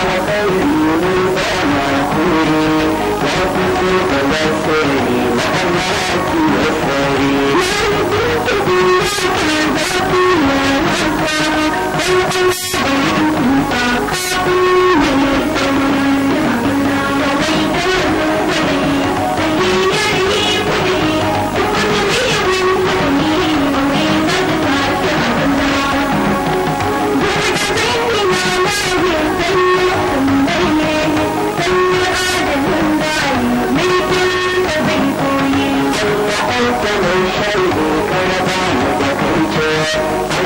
Amém. kai kokar ba mu da kai